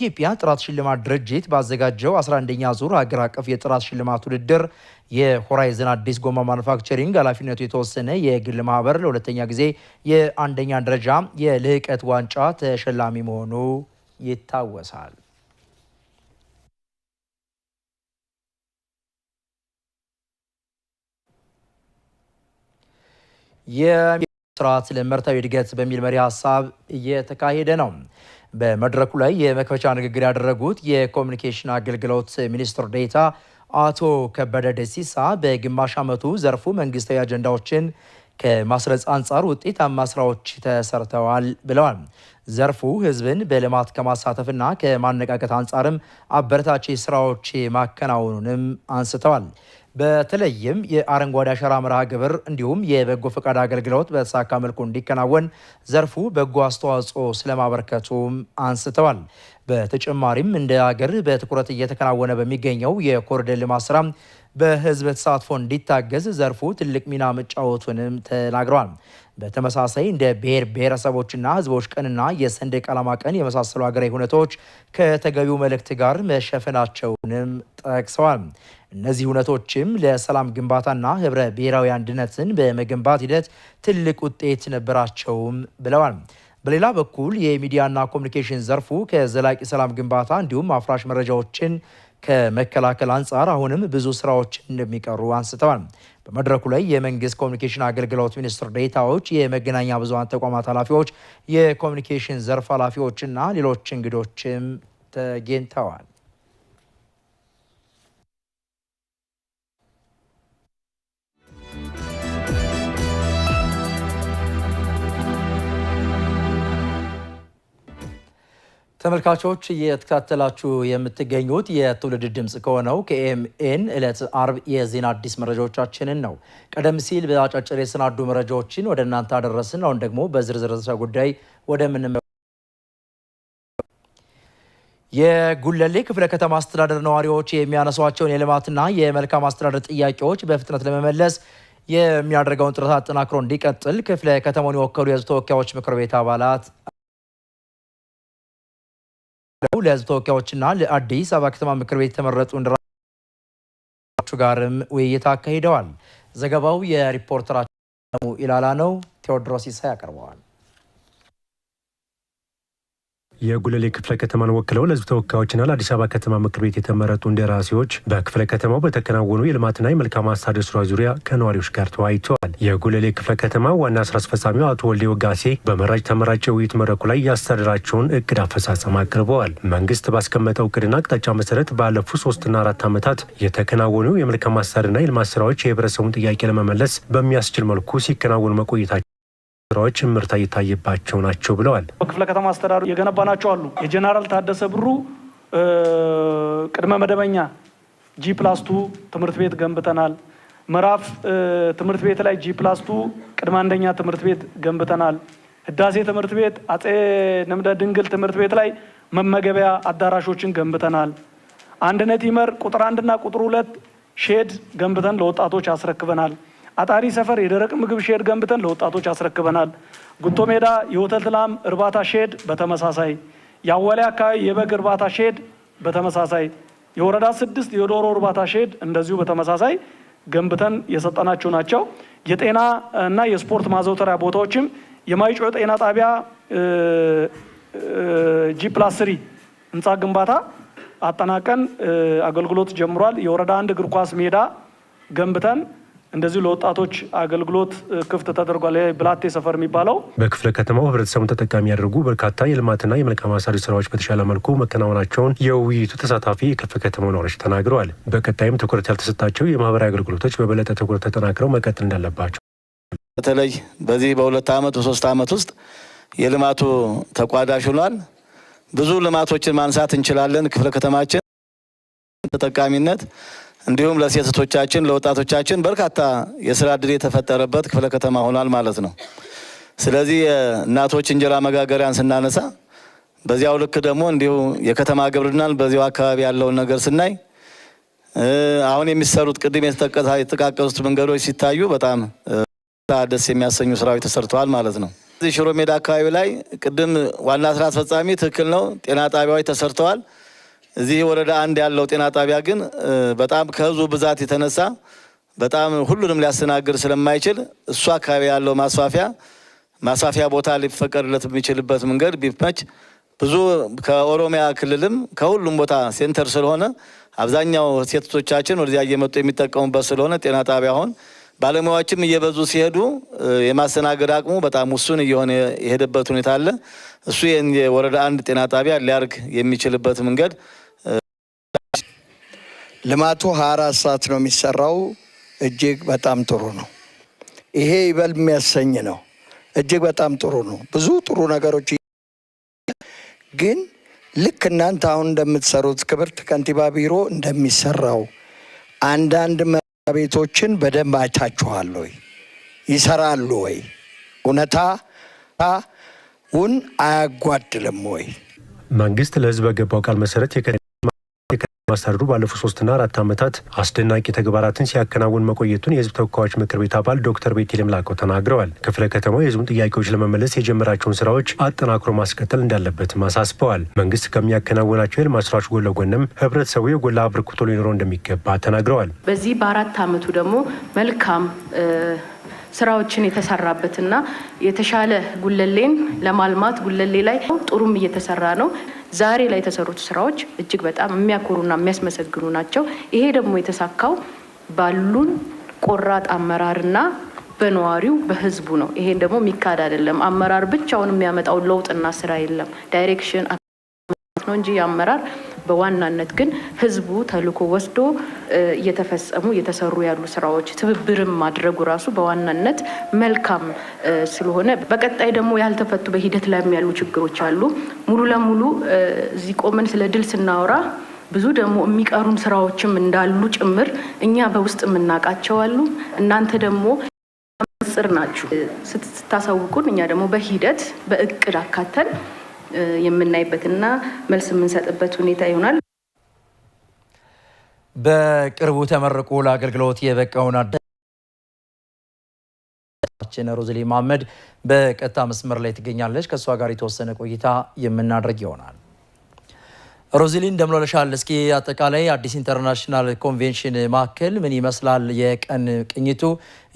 ኢትዮጵያ ጥራት ሽልማት ድርጅት ባዘጋጀው 11ኛ ዙር ሀገር አቀፍ የጥራት ሽልማት ውድድር የሆራይዘን አዲስ ጎማ ማኑፋክቸሪንግ ኃላፊነቱ የተወሰነ የግል ማህበር ለሁለተኛ ጊዜ የአንደኛ ደረጃ የልህቀት ዋንጫ ተሸላሚ መሆኑ ይታወሳል። ስርዓት ለመርታዊ እድገት በሚል መሪ ሀሳብ እየተካሄደ ነው። በመድረኩ ላይ የመክፈቻ ንግግር ያደረጉት የኮሚኒኬሽን አገልግሎት ሚኒስትር ዴታ አቶ ከበደ ደሲሳ በግማሽ ዓመቱ ዘርፉ መንግስታዊ አጀንዳዎችን ከማስረጽ አንጻር ውጤታማ ስራዎች ተሰርተዋል ብለዋል። ዘርፉ ህዝብን በልማት ከማሳተፍና ከማነቃቀት አንጻርም አበረታች ስራዎች ማከናወኑንም አንስተዋል። በተለይም የአረንጓዴ አሻራ መርሃ ግብር እንዲሁም የበጎ ፈቃድ አገልግሎት በተሳካ መልኩ እንዲከናወን ዘርፉ በጎ አስተዋጽኦ ስለማበርከቱም አንስተዋል። በተጨማሪም እንደ አገር በትኩረት እየተከናወነ በሚገኘው የኮሪደር ልማት ስራ በህዝብ ተሳትፎ እንዲታገዝ ዘርፉ ትልቅ ሚና መጫወቱንም ተናግረዋል። በተመሳሳይ እንደ ብሔር ብሔረሰቦችና ህዝቦች ቀንና የሰንደቅ ዓላማ ቀን የመሳሰሉ ሀገራዊ ሁነቶች ከተገቢው መልእክት ጋር መሸፈናቸውንም ጠቅሰዋል። እነዚህ እውነቶችም ለሰላም ግንባታና ህብረ ብሔራዊ አንድነትን በመገንባት ሂደት ትልቅ ውጤት ነበራቸውም ብለዋል። በሌላ በኩል የሚዲያና ኮሚኒኬሽን ዘርፉ ከዘላቂ ሰላም ግንባታ እንዲሁም አፍራሽ መረጃዎችን ከመከላከል አንጻር አሁንም ብዙ ስራዎች እንደሚቀሩ አንስተዋል። በመድረኩ ላይ የመንግስት ኮሚኒኬሽን አገልግሎት ሚኒስትር ዴታዎች የመገናኛ ብዙሀን ተቋማት ኃላፊዎች፣ የኮሚኒኬሽን ዘርፍ ኃላፊዎችና ሌሎች እንግዶችም ተገኝተዋል። ተመልካቾች እየተከታተላችሁ የምትገኙት የትውልድ ድምፅ ከሆነው ከኤምኤን ዕለት አርብ የዜና አዲስ መረጃዎቻችንን ነው። ቀደም ሲል በአጫጭር የሰናዱ መረጃዎችን ወደ እናንተ አደረስን። አሁን ደግሞ በዝርዝር ርዕሰ ጉዳይ ምን የጉለሌ ክፍለ ከተማ አስተዳደር ነዋሪዎች የሚያነሷቸውን የልማትና የመልካም አስተዳደር ጥያቄዎች በፍጥነት ለመመለስ የሚያደርገውን ጥረት አጠናክሮ እንዲቀጥል ክፍለ ከተማውን የወከሉ የሕዝብ ተወካዮች ምክር ቤት አባላት ለህዝብ ተወካዮችና ለአዲስ አበባ ከተማ ምክር ቤት የተመረጡ እንደራሴዎቹ ጋርም ውይይት አካሂደዋል። ዘገባው የሪፖርተራችን ኢላላ ነው። ቴዎድሮስ ይሳ ያቀርበዋል። የጉለሌ ክፍለ ከተማን ወክለው ለህዝብ ተወካዮችና ለአዲስ አበባ ከተማ ምክር ቤት የተመረጡ እንደራሴዎች በክፍለ ከተማው በተከናወኑ የልማትና የመልካም አስተዳደር ስራ ዙሪያ ከነዋሪዎች ጋር ተወያይተዋል። የጉለሌ ክፍለ ከተማ ዋና ስራ አስፈጻሚው አቶ ወልዴ ወጋሴ በመራጭ ተመራጭ የውይይት መድረኩ ላይ ያስተዳደራቸውን እቅድ አፈጻጸም አቅርበዋል። መንግስት ባስቀመጠው እቅድና አቅጣጫ መሰረት ባለፉት ሶስትና አራት ዓመታት የተከናወኑ የመልካም አስተዳደርና የልማት ስራዎች የህብረተሰቡን ጥያቄ ለመመለስ በሚያስችል መልኩ ሲከናወኑ መቆየታቸው ስራዎች እምርታ እየታየባቸው ናቸው ብለዋል። በክፍለ ከተማ አስተዳደሩ የገነባ ናቸው አሉ። የጀነራል ታደሰ ብሩ ቅድመ መደበኛ ጂ ፕላስቱ ትምህርት ቤት ገንብተናል። ምዕራፍ ትምህርት ቤት ላይ ጂ ፕላስቱ ቅድመ አንደኛ ትምህርት ቤት ገንብተናል። ህዳሴ ትምህርት ቤት፣ አጼ ንምደ ድንግል ትምህርት ቤት ላይ መመገቢያ አዳራሾችን ገንብተናል። አንድነት ይመር ቁጥር አንድና ቁጥር ሁለት ሼድ ገንብተን ለወጣቶች አስረክበናል። አጣሪ ሰፈር የደረቅ ምግብ ሼድ ገንብተን ለወጣቶች አስረክበናል። ጉቶ ሜዳ የወተት ላም እርባታ ሼድ በተመሳሳይ፣ የአወሌ አካባቢ የበግ እርባታ ሼድ በተመሳሳይ፣ የወረዳ ስድስት የዶሮ እርባታ ሼድ እንደዚሁ በተመሳሳይ ገንብተን የሰጠናቸው ናቸው። የጤና እና የስፖርት ማዘውተሪያ ቦታዎችም የማይጮ ጤና ጣቢያ ጂ ፕላስ ስሪ ህንፃ ግንባታ አጠናቀን አገልግሎት ጀምሯል። የወረዳ አንድ እግር ኳስ ሜዳ ገንብተን እንደዚሁ ለወጣቶች አገልግሎት ክፍት ተደርጓል። ብላቴ ሰፈር የሚባለው በክፍለ ከተማው ህብረተሰቡን ተጠቃሚ ያደርጉ በርካታ የልማትና የመልካም አስተዳደር ስራዎች በተሻለ መልኩ መከናወናቸውን የውይይቱ ተሳታፊ የክፍለ ከተማው ነዋሪዎች ተናግረዋል። በቀጣይም ትኩረት ያልተሰጣቸው የማህበራዊ አገልግሎቶች በበለጠ ትኩረት ተጠናክረው መቀጠል እንዳለባቸው በተለይ በዚህ በሁለት ዓመት በሶስት ዓመት ውስጥ የልማቱ ተቋዳሽ ሆኗል። ብዙ ልማቶችን ማንሳት እንችላለን። ክፍለ ከተማችን ተጠቃሚነት እንዲሁም ለሴቶቻችን ለወጣቶቻችን በርካታ የስራ እድል የተፈጠረበት ክፍለ ከተማ ሆኗል ማለት ነው። ስለዚህ እናቶች እንጀራ መጋገሪያን ስናነሳ በዚያው ልክ ደግሞ እንዲሁ የከተማ ግብርናን በዚያው አካባቢ ያለውን ነገር ስናይ አሁን የሚሰሩት ቅድም የተጠቃቀሱት መንገዶች ሲታዩ በጣም ደስ የሚያሰኙ ስራዎች ተሰርተዋል ማለት ነው። ሽሮ ሜዳ አካባቢ ላይ ቅድም ዋና ስራ አስፈጻሚ ትክክል ነው፣ ጤና ጣቢያዎች ተሰርተዋል። እዚህ ወረዳ አንድ ያለው ጤና ጣቢያ ግን በጣም ከህዝቡ ብዛት የተነሳ በጣም ሁሉንም ሊያስተናግድ ስለማይችል እሱ አካባቢ ያለው ማስፋፊያ ማስፋፊያ ቦታ ሊፈቀድለት የሚችልበት መንገድ ቢመች ብዙ ከኦሮሚያ ክልልም ከሁሉም ቦታ ሴንተር ስለሆነ አብዛኛው ሴቶቻችን ወደዚያ እየመጡ የሚጠቀሙበት ስለሆነ ጤና ጣቢያ አሁን ባለሙያዎችም እየበዙ ሲሄዱ የማስተናገድ አቅሙ በጣም ውሱን እየሆነ የሄደበት ሁኔታ አለ። እሱ የወረዳ አንድ ጤና ጣቢያ ሊያርግ የሚችልበት መንገድ ልማቱ 24 ሰዓት ነው የሚሰራው። እጅግ በጣም ጥሩ ነው። ይሄ ይበል የሚያሰኝ ነው። እጅግ በጣም ጥሩ ነው። ብዙ ጥሩ ነገሮች ግን ልክ እናንተ አሁን እንደምትሰሩት ክብርት ከንቲባ ቢሮ እንደሚሰራው አንዳንድ መስሪያ ቤቶችን በደንብ አይታችኋል ወይ? ይሰራሉ ወይ? እውነታውን አያጓድልም ወይ? መንግስት ለህዝብ በገባው ቃል መሰረት ማስተዳደሩ ባለፉት ሶስትና አራት ዓመታት አስደናቂ ተግባራትን ሲያከናውን መቆየቱን የህዝብ ተወካዮች ምክር ቤት አባል ዶክተር ቤቴልሔም ላቀው ተናግረዋል። ክፍለ ከተማው የህዝቡን ጥያቄዎች ለመመለስ የጀመራቸውን ስራዎች አጠናክሮ ማስቀጠል እንዳለበትም አሳስበዋል። መንግስት ከሚያከናውናቸው የልማት ስራዎች ጎን ለጎንም ህብረተሰቡ የጎላ አበርክቶ ሊኖረው እንደሚገባ ተናግረዋል። በዚህ በአራት ዓመቱ ደግሞ መልካም ስራዎችን የተሰራበትና የተሻለ ጉለሌን ለማልማት ጉለሌ ላይ ጥሩም እየተሰራ ነው። ዛሬ ላይ የተሰሩት ስራዎች እጅግ በጣም የሚያኮሩና የሚያስመሰግኑ ናቸው። ይሄ ደግሞ የተሳካው ባሉን ቆራጥ አመራርና በነዋሪው በህዝቡ ነው። ይሄን ደግሞ የሚካድ አይደለም። አመራር ብቻውን የሚያመጣው ለውጥና ስራ የለም። ዳይሬክሽን ነው እንጂ የአመራር በዋናነት ግን ህዝቡ ተልኮ ወስዶ እየተፈጸሙ እየተሰሩ ያሉ ስራዎች ትብብርም ማድረጉ ራሱ በዋናነት መልካም ስለሆነ በቀጣይ ደግሞ ያልተፈቱ በሂደት ላይም ያሉ ችግሮች አሉ። ሙሉ ለሙሉ እዚህ ቆመን ስለ ድል ስናወራ ብዙ ደግሞ የሚቀሩን ስራዎችም እንዳሉ ጭምር እኛ በውስጥ የምናውቃቸው አሉ። እናንተ ደግሞ ጽር ናችሁ ስታሳውቁን፣ እኛ ደግሞ በሂደት በእቅድ አካተን የምናይበትና መልስ የምንሰጥበት ሁኔታ ይሆናል። በቅርቡ ተመርቆ ለአገልግሎት የበቃውን አዳችን ሮዝሊ መሐመድ በቀጥታ መስመር ላይ ትገኛለች። ከእሷ ጋር የተወሰነ ቆይታ የምናደርግ ይሆናል። ሮዚሊን እንደምንለሻል። እስኪ አጠቃላይ አዲስ ኢንተርናሽናል ኮንቬንሽን ማዕከል ምን ይመስላል፣ የቀን ቅኝቱ፣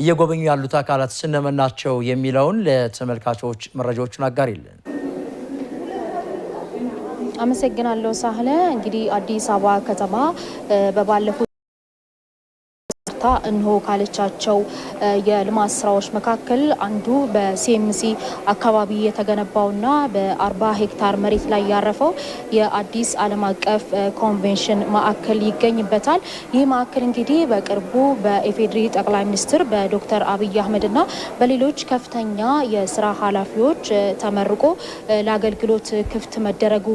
እየጎበኙ ያሉት አካላት ስነመናቸው የሚለውን ለተመልካቾች መረጃዎቹን የለን አመሰግናለሁ ሳህለ። እንግዲህ አዲስ አበባ ከተማ በባለፉት በርካታ እንሆ ካለቻቸው የልማት ስራዎች መካከል አንዱ በሲኤምሲ አካባቢ የተገነባውና በአርባ ሄክታር መሬት ላይ ያረፈው የአዲስ ዓለም አቀፍ ኮንቬንሽን ማዕከል ይገኝበታል። ይህ ማዕከል እንግዲህ በቅርቡ በኢፌዴሪ ጠቅላይ ሚኒስትር በዶክተር አብይ አህመድና በሌሎች ከፍተኛ የስራ ኃላፊዎች ተመርቆ ለአገልግሎት ክፍት መደረጉ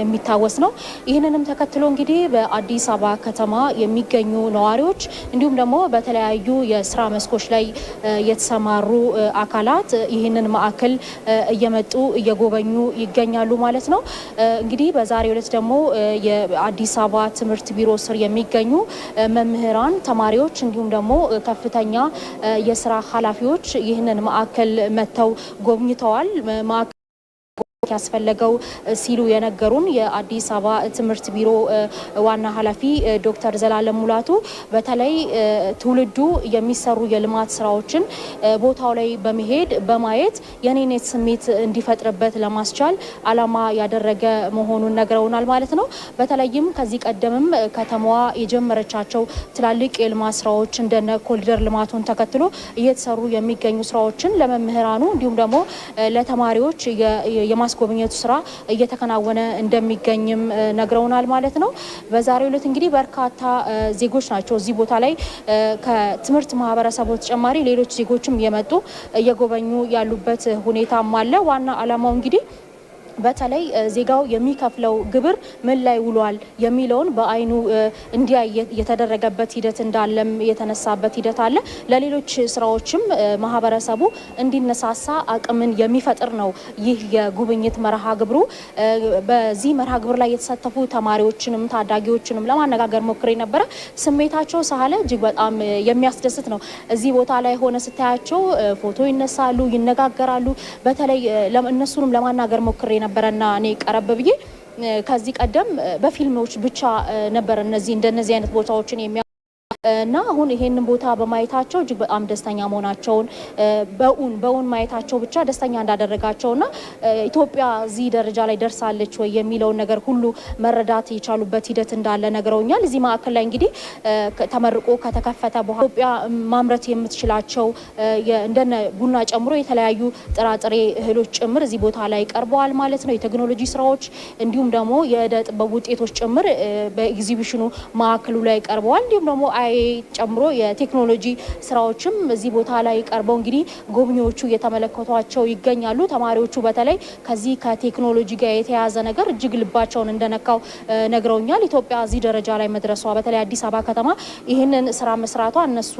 የሚታወስ ነው። ይህንንም ተከትሎ እንግዲህ በአዲስ አበባ ከተማ የሚገኙ ነዋሪዎች እንዲሁም ደግሞ በተለያዩ የስራ መስኮች ላይ የተሰማሩ አካላት ይህንን ማዕከል እየመጡ እየጎበኙ ይገኛሉ ማለት ነው። እንግዲህ በዛሬው ዕለት ደግሞ የአዲስ አበባ ትምህርት ቢሮ ስር የሚገኙ መምህራን፣ ተማሪዎች እንዲሁም ደግሞ ከፍተኛ የስራ ኃላፊዎች ይህንን ማዕከል መጥተው ጎብኝተዋል። ያስፈለገው ሲሉ የነገሩን የአዲስ አበባ ትምህርት ቢሮ ዋና ኃላፊ ዶክተር ዘላለም ሙላቱ በተለይ ትውልዱ የሚሰሩ የልማት ስራዎችን ቦታው ላይ በመሄድ በማየት የኔነት ስሜት እንዲፈጥርበት ለማስቻል አላማ ያደረገ መሆኑን ነግረውናል ማለት ነው። በተለይም ከዚህ ቀደምም ከተማዋ የጀመረቻቸው ትላልቅ የልማት ስራዎች እንደነ ኮሊደር ልማቱን ተከትሎ እየተሰሩ የሚገኙ ስራዎችን ለመምህራኑ እንዲሁም ደግሞ ለተማሪዎች የማስ የማስጎብኘቱ ስራ እየተከናወነ እንደሚገኝም ነግረውናል ማለት ነው። በዛሬው ዕለት እንግዲህ በርካታ ዜጎች ናቸው እዚህ ቦታ ላይ ከትምህርት ማህበረሰቡ በተጨማሪ ሌሎች ዜጎችም የመጡ እየጎበኙ ያሉበት ሁኔታም አለ። ዋና ዓላማው እንግዲህ በተለይ ዜጋው የሚከፍለው ግብር ምን ላይ ውሏል የሚለውን በአይኑ እንዲያይ የተደረገበት ሂደት እንዳለም የተነሳበት ሂደት አለ። ለሌሎች ስራዎችም ማህበረሰቡ እንዲነሳሳ አቅምን የሚፈጥር ነው ይህ የጉብኝት መርሃ ግብሩ። በዚህ መርሃ ግብር ላይ የተሳተፉ ተማሪዎችንም ታዳጊዎችንም ለማነጋገር ሞክሬ ነበረ። ስሜታቸው ሳለ እጅግ በጣም የሚያስደስት ነው። እዚህ ቦታ ላይ ሆነ ስታያቸው ፎቶ ይነሳሉ፣ ይነጋገራሉ። በተለይ እነሱንም ለማናገር ሞክሬ ነበረና እኔ ቀረብ ብዬ ከዚህ ቀደም በፊልሞች ብቻ ነበር እነዚህ እንደነዚህ አይነት ቦታዎችን የሚያ እና አሁን ይሄንን ቦታ በማየታቸው እጅግ በጣም ደስተኛ መሆናቸውን በውን በውን ማየታቸው ብቻ ደስተኛ እንዳደረጋቸውና ኢትዮጵያ እዚህ ደረጃ ላይ ደርሳለች ወይ የሚለውን ነገር ሁሉ መረዳት የቻሉበት ሂደት እንዳለ ነግረውኛል። እዚህ ማዕከል ላይ እንግዲህ ተመርቆ ከተከፈተ በኋላ ኢትዮጵያ ማምረት የምትችላቸው እንደነ ቡና ጨምሮ የተለያዩ ጥራጥሬ እህሎች ጭምር እዚህ ቦታ ላይ ቀርበዋል ማለት ነው። የቴክኖሎጂ ስራዎች እንዲሁም ደግሞ የእደ ጥበብ ውጤቶች ጭምር በኤግዚቢሽኑ ማዕከሉ ላይ ቀርበዋል። እንዲሁም ደግሞ አይ ሱባኤ ጨምሮ የቴክኖሎጂ ስራዎችም እዚህ ቦታ ላይ ቀርበው እንግዲህ ጎብኚዎቹ እየተመለከቷቸው ይገኛሉ። ተማሪዎቹ በተለይ ከዚህ ከቴክኖሎጂ ጋር የተያያዘ ነገር እጅግ ልባቸውን እንደነካው ነግረውኛል። ኢትዮጵያ እዚህ ደረጃ ላይ መድረሷ በተለይ አዲስ አበባ ከተማ ይህንን ስራ መስራቷ እነሱ